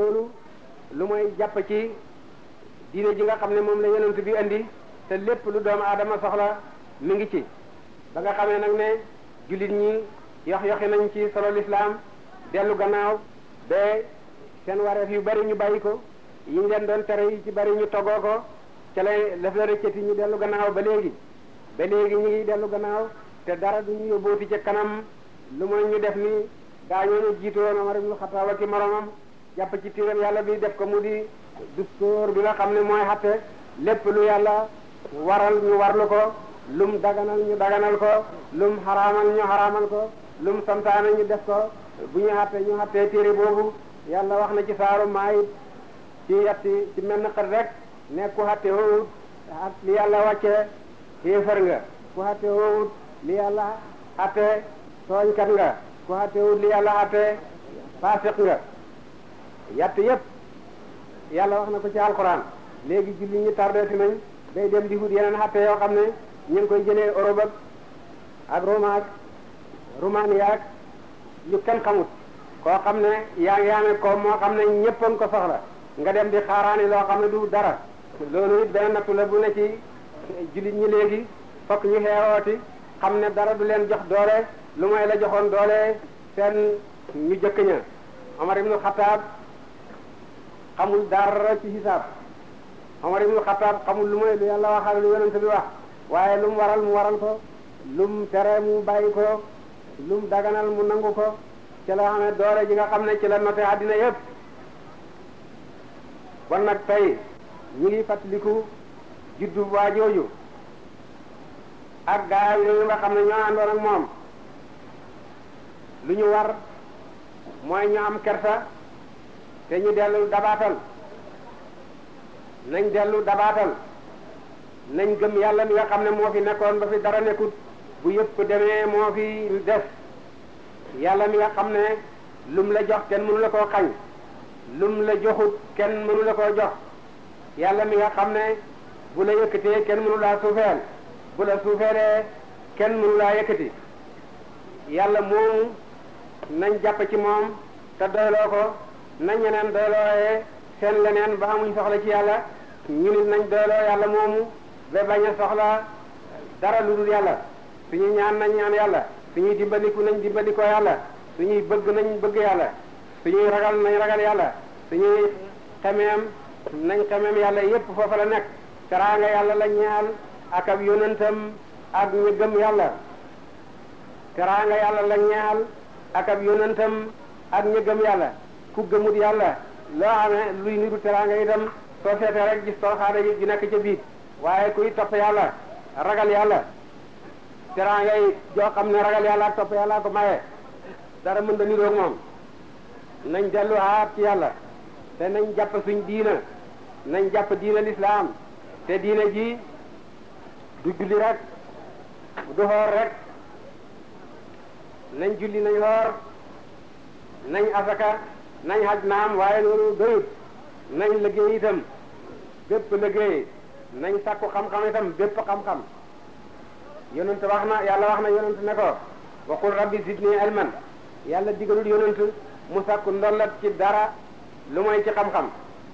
loolu lu mooy jàpp ci diine ji nga xam ne moom la yonent bi indi te lépp lu doom aadama soxla mi ngi ci ba nga xamee nag ne jullit ñi yox yoxi nañ ci solo lislaam dellu gannaaw ba seen wareef yu bari ñu bàyyi ko yi ñu leen doon tere yi ci bari ñu togoo ko ca lay laf la rëccati ñu dellu gannaaw ba léegi ba léegi ñu ngi dellu gannaaw te dara duñu yóbbooti ca kanam lu mooy ñu def ni gaa ñooñu jiitoon Omar ibnu Xataab ak i moromam jàpp ci tiiram yàlla bi def ko mu di docteur bi nga xam ne mooy xatte lépp lu yàlla waral ñu warlu ko lum daganal ñu daganal ko lum xaraamal ñu xaraamal ko lum santaane ñu def ko bu ñu xatte ñu xattee téere boobu yàlla wax na ci saaru maayit ci yetti ci menn xët rek ne ku xatte woowut li yàlla wàcce xéefar nga ku xatte woowut li yàlla xatte tooñkat nga ku xatte woowut li yàlla xatte faasiq nga yàtt yépp yàlla wax na ko ci alxuraan léegi julli ñi tardeeti nañ day dem di wut yeneen xatte yoo xam ne ñu koy jëlee Europe ak ak Roma ak Roumania ak ñu kenn xamut koo xam ne yaa ngi amee koom moo xam ne ñëpp a ko soxla nga dem di xaaraani loo xam ne du dara loolu it benn nattu la bu ne ci jullit ñi léegi fokk ñu xeewooti xam ne dara du leen jox doole lu may la joxoon doole seen ñu jëkk ña Omar ibnu Xataab xamul dara ci hisaab Omar ibnu Xataab xamul lu may lu yàlla waxal lu yonent bi wax waaye lum waral mu waral ko lum tere mu bàyyi ko lum daganal mu nangu ko ci la xamee doore ji nga xam ne ci la noté àddina yëpp bon nag tey ñu ngi fàttaliku juddu waa jooju ak gaay yooyu nga xam ne ñoo àndoon ak moom lu ñu war mooy ñu am kersa te ñu dellu dabaatal nañ dellu dabaatal nañ gëm yàlla mi nga xam ne moo fi nekkoon ba fi dara nekkut bu yëpp demee moo fi def yàlla mi nga xam ne lum la jox kenn mënula koo xañ lum la joxut kenn mënu koo jox yàlla mi nga xam ne bu la yëkkatee kenn mënu laa suufeel bu la suufeelee kenn mënu laa yëkkati yàlla moomu nañ jàpp ci moom te doyloo ko nañ ñeneen doolooyee seen leneen ba amuñ soxla ci yàlla ñu nit nañ dooloo yàlla moomu ba bañ soxla dara lu dul yàlla suñu ñaan nañ ñaan yàlla suñuy dimbaliku nañ dimbalikoo yàlla ñuy bëgg nañ bëgg yàlla suñuy ragal nañ ragal yàlla suñuy xemeem nañ xemeem yàlla yépp foofa la nekk teraanga yàlla lañ ñaal ak ab yonentam ak ñu yàlla teraanga yàlla la ñaal ak ab yonentam ak ñu yàlla ku gëmut yàlla loo amee luy niru teraanga itam soo seetee rek gis toroxaane yi di nekk ca biir waaye kuy topp yàlla ragal yàlla teraanga yi joo xam ne ragal yàlla ak topp yàlla ko maye dara mën da niroog moom nañ delluwaat ci yàlla te nañ jàpp suñ diina nañ jàpp diina lislaam te diina ji du julli rek du xoor rek nañ julli nañ xoor nañ asaka nañ xaj naam waaye loolu doyut nañ liggéey itam bépp liggéey nañ sàkku xam-xam itam bépp xam-xam yonent wax na yàlla wax na yonent ne ko waqul rabbi zidni ilman yàlla digalul yonent mu sàkku ndollat ci dara lu mooy ci xam-xam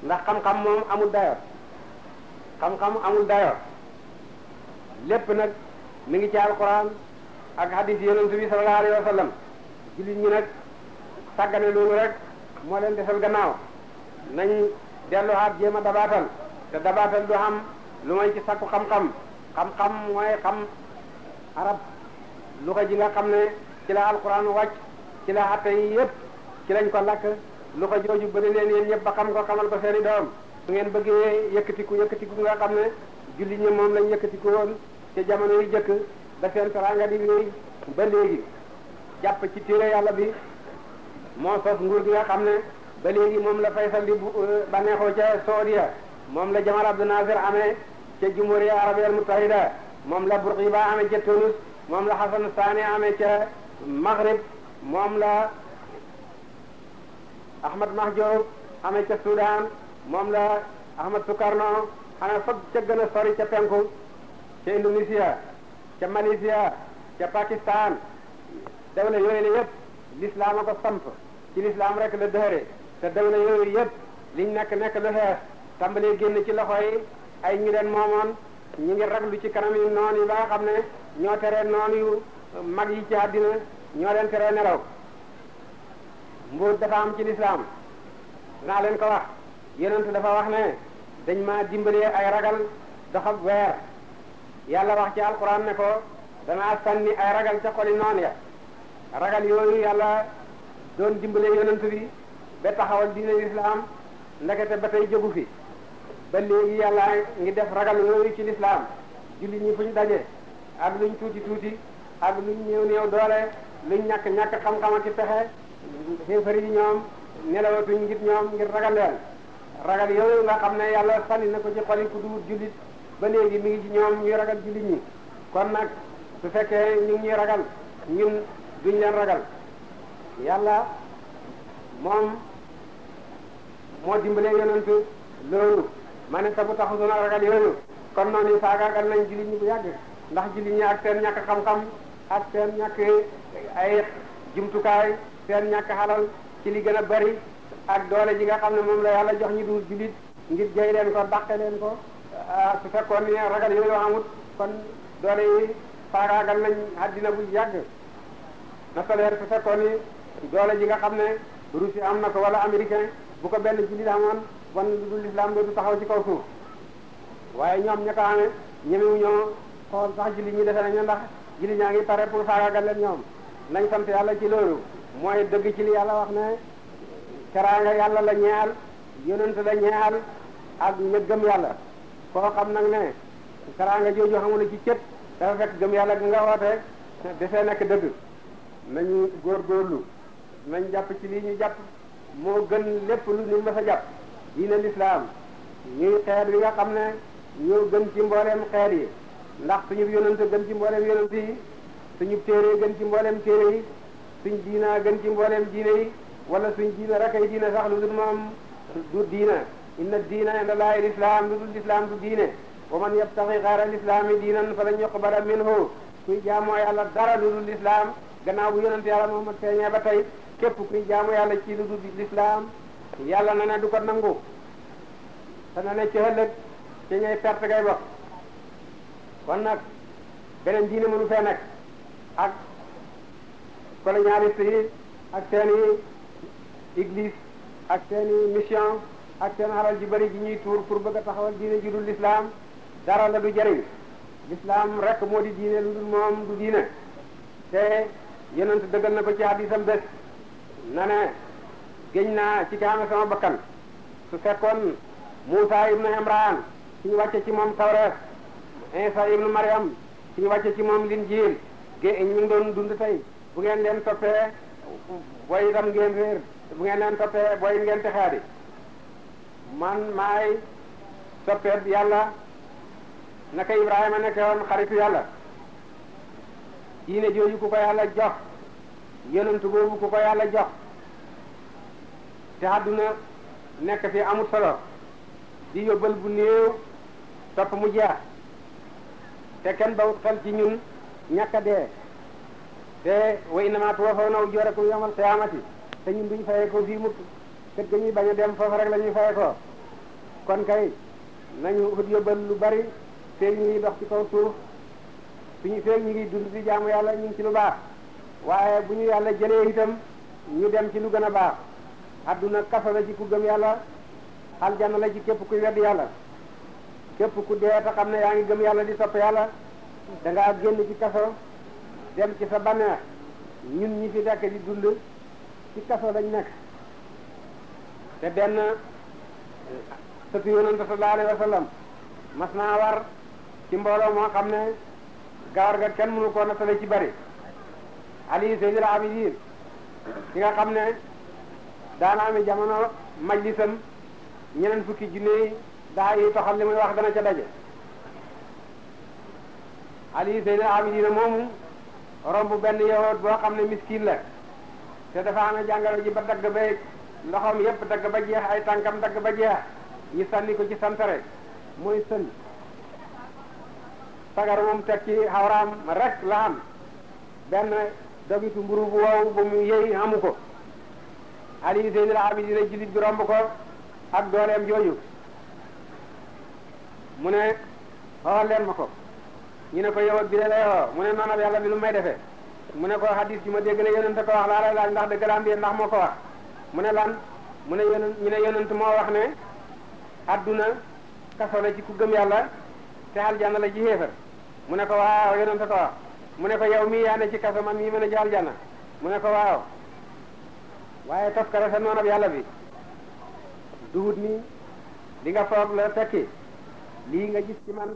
ndax xam-xam moom amul dayo xam-xam amul dayo lépp nag mi ngi ci alquran ak hadis yonent bi sallallahu alayhi wa sallam jullit nag sàggane loolu rek moo leen defal gannaaw nañ delluwaat jéem a dabaatal te dabaatal du am lu may ci sakku xam-xam xam-xam mooy xam arab lu ji nga xam ne ci la alquran wàcc ci la atte yi yëpp ci lañ ko lakk lu ko jooju bëri leen yéen ñëpp ba xam ko xamal ko seeni doom su ngeen bëggee yëkkatiku yëkkatiku nga xam ne julli ñi moom lañ yëkkatiku woon ca jamono yu jëkk da seen teraanga di wéy ba gi jàpp ci téere yàlla bi moo sos nguur gi nga xam ne ba léegi moom la Faysal di euh, bànneexoo ca Saudiya moom la Jamal Abdel Nasser ca Jumhuriya Arabiya al moom la Bourguiba ca Tunis moom la Hassan Sani amee ca Maghrib moom la Ahmad Mahjoub ca Soudan moom la Ahmad Sukarno ca gën a ca penku ca Indonesia ca Malaysia ca Pakistan dawla yooyu la yëpp l'islam a ci lislaam rek la dëhëre te dawla yooyu yëpp liñ nekk nekk lu xees tàmbalee génn ci loxo yi ay ñu leen moomoon ñu ngi raglu ci kanam yi noon yi ba nga xam ne ñoo tere noon yu mag yi ci àddina ñoo leen teree nelaw mbuur dafa am ci lislaam danaa leen ko wax yonent dafa wax ne dañ ma dimbalee ay ragal doxab weer yàlla wax ci alquran ne ko danaa sànni ay ragal ca xoli noon ya ragal yooyu yàlla doon dimbale yonent bi ba taxawal diine lislaam ndekete ba tey jógu fi ba léegi yàlla ngi def ragal yooyu ci lislaam jullit ñi fu ñu dajee ak luñ tuuti tuuti ak luñ néew néew doole luñ ñàkk ñàkk xam-xam ak ci pexe xéefar yi ñoom nelawatuñ ngir ñoom ngir ragal leen ragal yooyu nga xam ne yàlla sànni na ko ci xol yi ku duwut jullit ba léegi mi ngi ci ñoom ñuy ragal jullit ñi kon nag su fekkee ñu ngi ñuy ragal ñun duñ leen ragal yàlla moom moo dimbalee yonent loolu ma ne sabu taxu suna ragal yooyu kon noonu yi faagaagal nañ jullit ñi bu yàgg ndax jullit ñi ak seen ñàkk xam-xam ak seen ñàkk ay jumtukaay seen ñàkk xalal ci li gën a bari ak doole ji nga xam ne moom la yàlla jox ñi du jullit ngir jey leen ko dàqe leen ko ah, su fekkoon ne ragal yooyu amut kon doole yi faagaagal nañ àddina bu yàgg na soleer su fekkoon ni doole ji nga xam ne Russie am na ko wala américain bu ko benn jullit amoon wan du lislaam dootu taxaw ci kaw suuf waaye ñoom ña ko amee ñemewuñoo xool sax jullit ñi defe nañu ndax jullit ñaa ngi pare pour faagaagal leen ñoom nañ sant yàlla ci loolu mooy dëgg ci li yàlla wax ne teraanga yàlla la ñeel yonent la ñeel ak ña gëm yàlla koo xam nag ne teraanga jooju xamul ci cët dafa fekk gëm yàlla gi nga woote defee nekk dëgg nañu góorgóorlu nañ jàpp ci lii ñu jàpp moo gën lépp lu ñu mës a jàpp diine lislaam ñuy xeet wi nga xam ne ñoo gën ci mbooleem xeet yi ndax suñu yonente gën ci mbooleem yonente yi suñu téere gën ci mbooleem téere yi suñ diina gën ci mbooleem diine yi wala suñ diina rakay diine sax lu dul moom du diina inna diina inda laahi lislaam lu dul lislaam du diine wa man yabtaxi xaara lislaami diinan falan yuqbala minhu kuy jaamoo yàlla dara lu dul lislaam gannaaw bu yonente ba tey képp kuy jaamu yàlla ci lu dul lislaam yàlla na ne du ko nangu te na ne ci ëllëg ci ñooy perte ngay bokk kon nag beneen diine mënu fee nekk ak colonialiste ak seen i ak seen i mission ak seen alal ji bëri ji ñuy tuur pour bëgg a taxawal diine ji dul lislaam dara la du jëriñ lislaam rek moo di diine lu dul moom du diine te yonent dëggal na ko ci hadisam bés na ne naa ci kaame sama bakkan su fekkoon Muusa ibnu Imraan suñu wàcce ci moom Tawreet Isa ibnu Maryam suñu wàcce ci moom Linjiil gé ñu doon dund tey bu ngeen leen toppee booy itam ngeen réer bu ngeen leen toppee booy ngeen texaadi man maay soppeeb yàlla naka Ibrahima nekkoon xaritu yàlla diine jooju ko yàlla jox yonent boobu ku ko yàlla jox te àdduna nekk fi amut solo di yóbbal bu néew topp mu jeex te kenn ba xel ci ñun ñàkk a dee te wa innama tuwaffawna ujurakum yawmal qiyaamati te ñun duñu fayee ko fii mukk kër ga ñuy bañ a dem foofu rek la ñuy fayee ko kon kay nañu ut yóbbal lu bari feeg ñu ngi dox ci kaw suuf suñu feeg ñu ngi dund di jaamu yàlla ñu ngi ci lu baax waaye bu ñu yàlla jëlee itam ñu dem ci lu gën a baax adduna kaso la ci ku gëm yàlla aljana la ci képp ku wedd yàlla képp ku dee te xam ne yaa ngi gëm yàlla di topp yàlla da ngaa génn ci kaso dem ci sa banneex ñun ñi fi nekk di dund ci kaso lañ nekk te benn sëtu yonante sallallahu alayhi wa sallam mas naa war ci mbooloo moo xam ne gawar ga kenn mënu koo nattale ci bari ali Seydil Abidin ki nga xam ne daana amee jamono majlisam ñeneen fukki junne daa yi toxam li muy wax dana ca daje ali Seydil Abidin moomu romb benn yahoot boo xam ne miskin la te dafa amee jàngoro ji ba dagg ba loxoom yépp dagg ba jeex ay tànkam dagg ba jeex ñu sànni ko ci santare mooy sën sagar moom teg xawraam rek la am benn dagitu mburu bu wow ba mu yey amu ko Ali Zeynul Abidin jullit bi romb ko ak dooleem jooju mu ne xool leen ma ko ñu ne ko yow ak bi lay mu ne noonu yàlla bi lu may defee mu ne ko xadis bi ma dégg ne yonent ko wax laa lay laaj ndax dëgg la am ndax moo ko wax mu ne lan mu ne yonent ñu ne yonent moo wax ne adduna kaso la ci ku gëm yàlla te aljanna la ci xéefar mu ne ko waaw yonent ko wax mu ne ko yow mii yaa ne ci kaso man mii mën a aljana mu ne ko waaw waaye toskare sa noonab yàlla bi duhut nii li nga foog la tekki lii nga gis ci man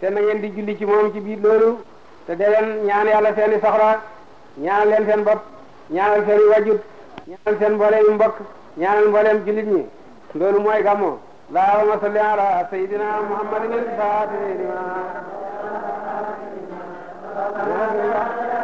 te na di julli ci moom ci biir loolu te de leen ñaan yàlla seeni soxla ñaanal leen seen bopp ñaanal seeni wajut ñaanal seen mbooleem mbokk ñaanal mbooleem jullit ñi loolu mooy gàmmo allahumma salli ala sayyidina muhammadin al-faatihi Thank you.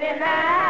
بنا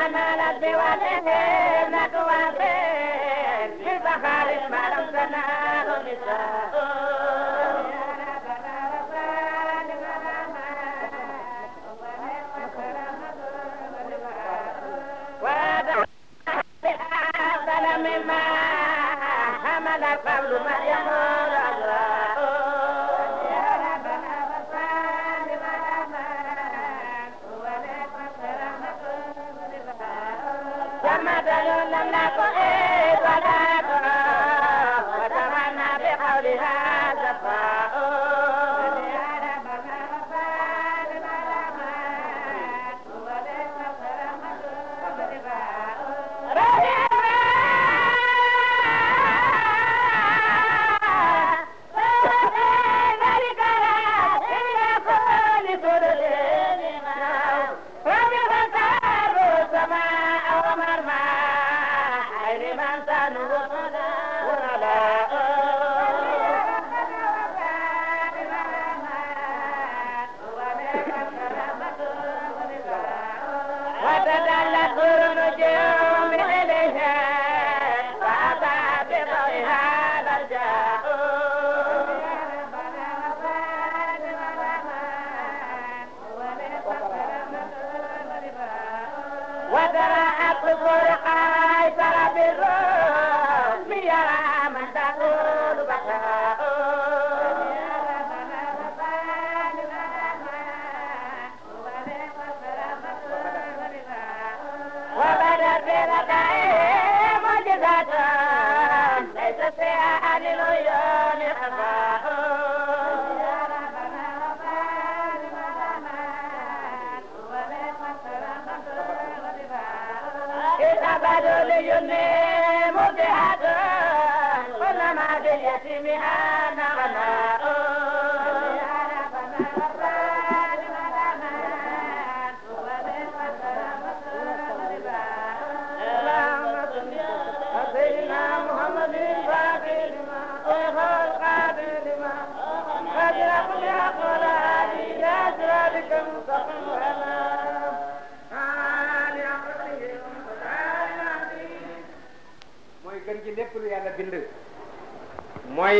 manalat bi wate ngeen nak waafeen li fa xaalis malam sanaalu nisaa Pablo Mariano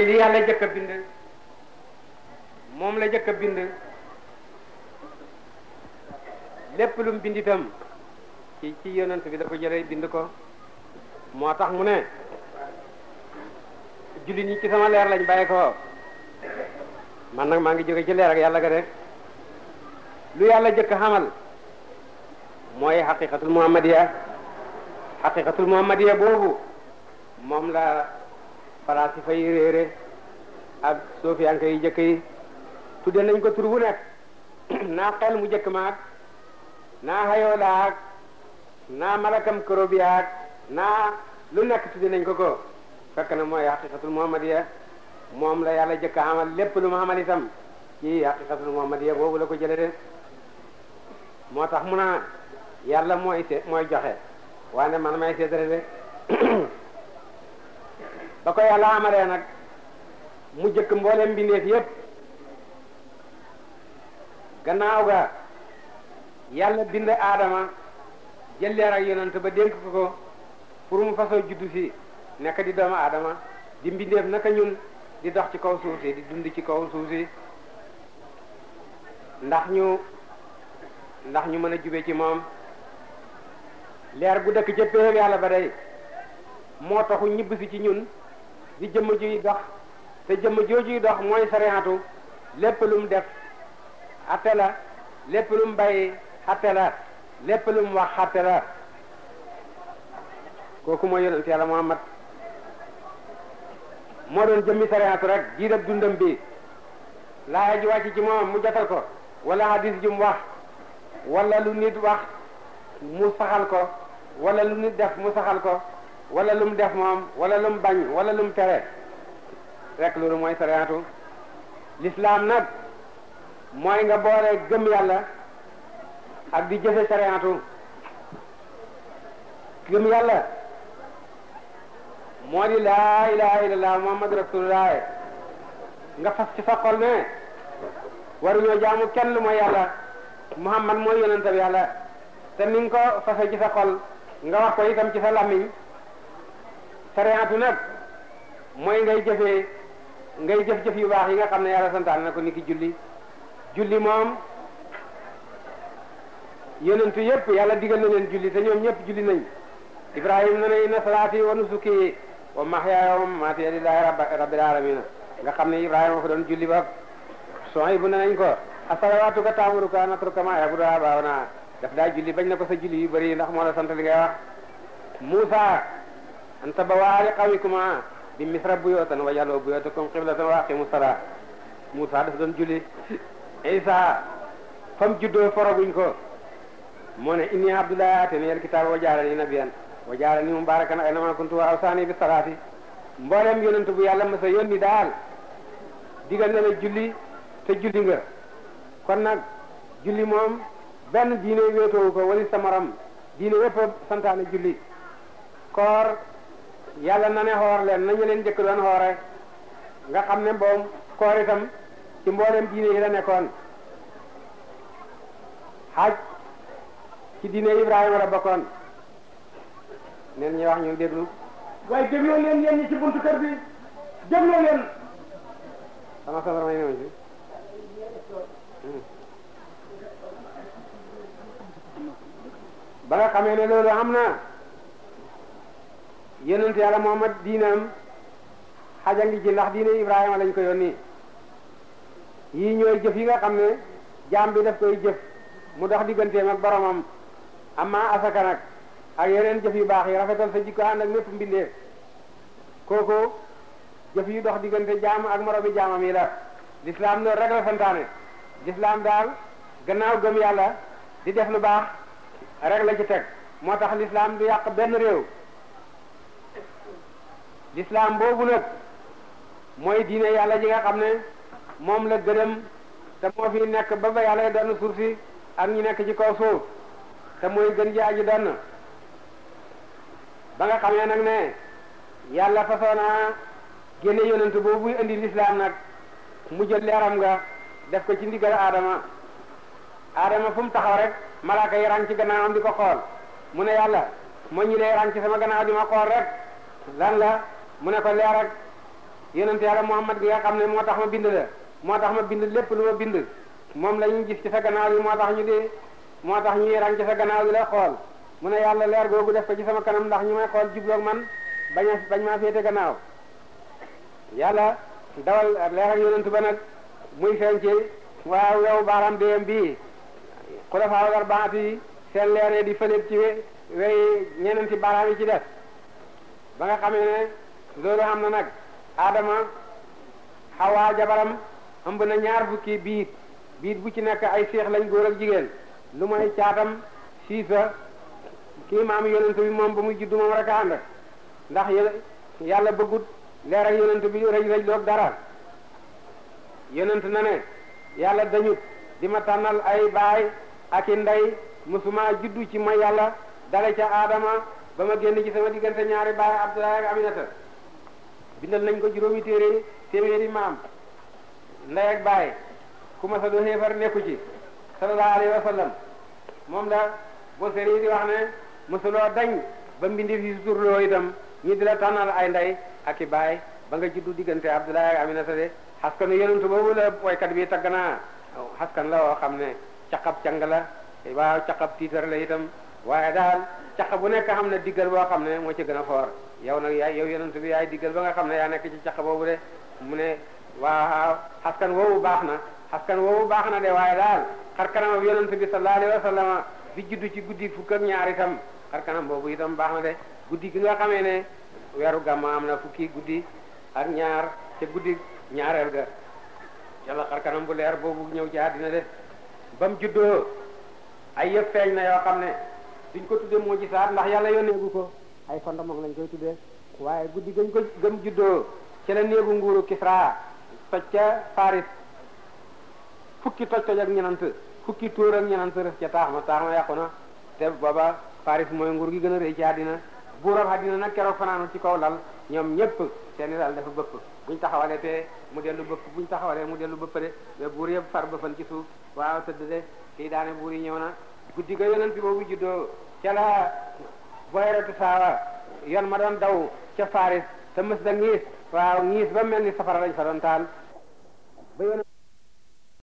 mooy yàlla jëkk a bind moom la jëkk a bind lépp lu mu bind itam ci ci yonent bi da ko jëlee bind ko moo tax mu ne jullit ñi ci sama leer lañ bàyyi ko man nag maa ngi jóge ci leer ak yàlla ga de lu yàlla jëkk xamal mooy xaqiqatul muhammadiya xaqiqatul muhammadiya boobu moom la falaasifa yi réere ak sofiyanke yi jëkk yi tudde nañ ko tur bu nekk naa xel mu jëkk maak naa xayoolaak naa malakam korobiyaak naa lu nekk tudde nañ ko ko fekk na mooy haqiqatul muhammadiya moom la yàlla jëkk amal lépp lu mu amal itam ci haqiqatul muhammadiya boobu la ko jële de moo tax mu naa yàlla mooy se mooy joxe waaye man may seetare de ba ko yàlla amalee nag mu jëkk mboole mbindeef yépp gannaaw ga yàlla bind aadama jël leer ak yonent ba dénk ko ko pour mu fasoo juddu si nekk di doomu aadama di mbindeef naka ñun di dox ci kaw suuf di dund ci kaw suuf ndax ñu ndax ñu mën a jube ci moom leer bu dëkk ca péeb yàlla ba day moo taxu ñibb si ci ñun li jëmm juy dox te jëmm joojuy dox mooy sariatu lépp lu mu def atte la lépp lu mu bàyyi atte la lépp lu mu wax atte la kooku mooy yonent yàlla Muhammad moo doon jëmmi sariatu rek diirab dundam bi laaya ju wàcc ci moom mu jotal ko wala hadis ji mu wax wala lu nit wax mu saxal ko wala lu nit def mu saxal ko wala lu mu def moom wala lu bañ wala lum tere rek loolu mooy sariyaatu l'islam nag mooy nga boole gëm yàlla ak di jëfe sariyaatu gëm yàlla moo di laa ilaha illallah muhammad rasulullah nga fas ci sa xol ne waruñoo jaamu kenn lu mooy yàlla muhammad mooy yonentab yàlla te ni ko fase ci sa xol nga wax ko itam ci sa làmmiñ sariyaatu nag mooy ngay jëfee ngay jëf jëf yu baax yi nga xam ne yàlla santaane na ko niki julli julli moom yonentu yépp yàlla digal na leen julli te ñoom ñëpp julli nañ ibrahim na ne inna salaati wa nusuki wa mahyaaya wa mamaati rabbil alamina nga xam ne ibrahima fa doon julli ba soy bu ne nañ ko asalawaatu ka taamuruka natruka ma yabudu abaawna daf daa julli bañ na ko sa julli yu bëri ndax moo la sant li ngay wax an tabawaa liqawmikuma bi misra buyootan wajalo buyootakum qiblatan wa aqimu salaa Moussa dafa doon julli Isa fam juddoo foroguñ ko moo ne inni abdullah atani alkitaab wa jaalani nabiyan wa jaalani mubarakan aynama kuntu awsaani bi salaati mboolem yonent bu yàlla masa yónni daal digal na la julli te julli nga kon nag julli moom benn diine wéetoowu ko wali sa morom diine koor yàlla na ne xoor leen nañu leen jëkk doon xoore nga xam ne boobu koor itam ci mboolem diine yi la nekkoon xaaj ci diine Ibrahima la bokkoon neen ñuy wax ñu déglu waaye dégloo leen ñi ci buntu kër bi dégloo leen hmm. ba nga xamee ne loolu am na yonent yàlla Muhammad diinam xaja ngi ci ndax diine Ibrahima lañu ko yónni yi ñooy jëf yi nga xam ne jaam bi daf koy jëf mu dox digganteem ak boromam amma asaka nag ak yeneen jëf yu baax yi rafetal sa jikko ànd ak mépp mbindeef kooku jëf yu ak moromi jaamam yi la lislaam loolu rek la santaane lislaam daal gannaaw gëm yàlla di def lu baax rek la ci teg moo tax lislaam du yàq benn réew lislaam boobu nag mooy diine yàlla ji nga xam ne moom la gërëm te moo fi nekk ba ba yàlla doon suuf si ak ñu nekk ci kaw suuf te mooy gën ji aji doon ba nga xamee nag ne yàlla fasoonaa génne yonent boobu indi lislaam nag mu jël leeram nga def ko ci ndigal aadama aadama fu mu taxaw rek malaaka yi rang ci gannaawam di ko xool mu ne yàlla moo ñi lay rang ci sama gannaaw di ma xool rek lan la mu ne ko leer ak yonent yàlla Muhammad bi nga xam ne moo tax ma bind la moo tax ma bind lépp lu ma bind moom la ñu gis ci sa gannaaw bi moo tax ñu di moo tax ñu yeran ci sa gannaaw bi la xool mu ne yàlla leer googu def ko ci sama kanam ndax ñu may xool jubloog man bañ bañ maa féete gannaaw yàlla dawal leer ak yonent ba nag muy feeñ ci waaw wew baaraam déem bii xulafaaw arbaat yi seen leer di fëlëb ci wey ñeneen ci baaraam yi ci def ba nga xamee ne loolu am na nag Adama Hawa jabaram ëmb na ñaar fukki biit biit bu ci nekk ay seex lañ góor ak jigéen lu may caatam siisa kii maam yonent bi moom ba muy juddu moom rek a ànd ndax yàlla bëggut leer ak yonent bi rëj rëj loog dara yonent na ne yàlla dañu di ma tànnal ay baay ak i ndey musuma juddu ci ma yàlla dale ca Adama ba ma génn ci sama diggante ñaari baay Abdoulaye ak Aminata bindal nañ ko juróomi téere téeméeri maam ndey ak baay ku ma sa do xeefar nekku ci sallallahu alayhi wa sallam moom la boo seri di wax ne mosuloo dañ ba mbindi fi surloo itam ñi di la tànnal ay ndey ak i baay ba nga juddu diggante Abdoulaye ak Aminata de xaskanu yonentu boobu la woykat bi tagg naa xaskan la woo xam ne caqab càng la waaw caqab tiitar la itam waaye daal caq bu nekk xam ne diggal boo xam ne moo ci gën a foor yow nag yaay yow yonent bi yaay diggal ba nga xam ne yaa nekk ci caq boobu de mu ne waaw xaskan woowu baax na xaskan woowu baax na de waaye daal xar yeneen yonent bi sallallahu alayhi bi juddu ci guddi fukk ak ñaar itam xar boobu itam baax na de guddi gi nga xamee ne weeru gàmmu am na fukki guddi ak ñaar te guddi ñaareel ga yàlla xar bu leer boobu ñëw ci àddina de ba mu juddoo ay yëf feeñ na yoo xam ne duñ ko tudde moo ji saat ndax yàlla yónneegu ko ay fondement lañ koy tuddee waaye guddi gañ ko gëm juddoo ci la néegu nguuru Kisra toj ca Faris fukki toj toj ak ñenant fukki tóor ak ñenant ref ca taax ma taax ma yàqu na te booba Faris mooy nguur gi gën a rëy ci buur buuram àddina nag keroog fanaanu ci kaw lal ñoom ñëpp seeni lal dafa bëpp buñ taxawalee te mu dellu bëpp buñ taxawalee mu dellu bëpp de mais buur yëpp far bëfan ci suuf waaw tëdd de kii daane buur yi ñëw na guddi ga yonent boobu juddoo boyratu saawa yoon ma doon daw ca Faris te mës da waaw ngiis ba mel ni safara lañ fa doon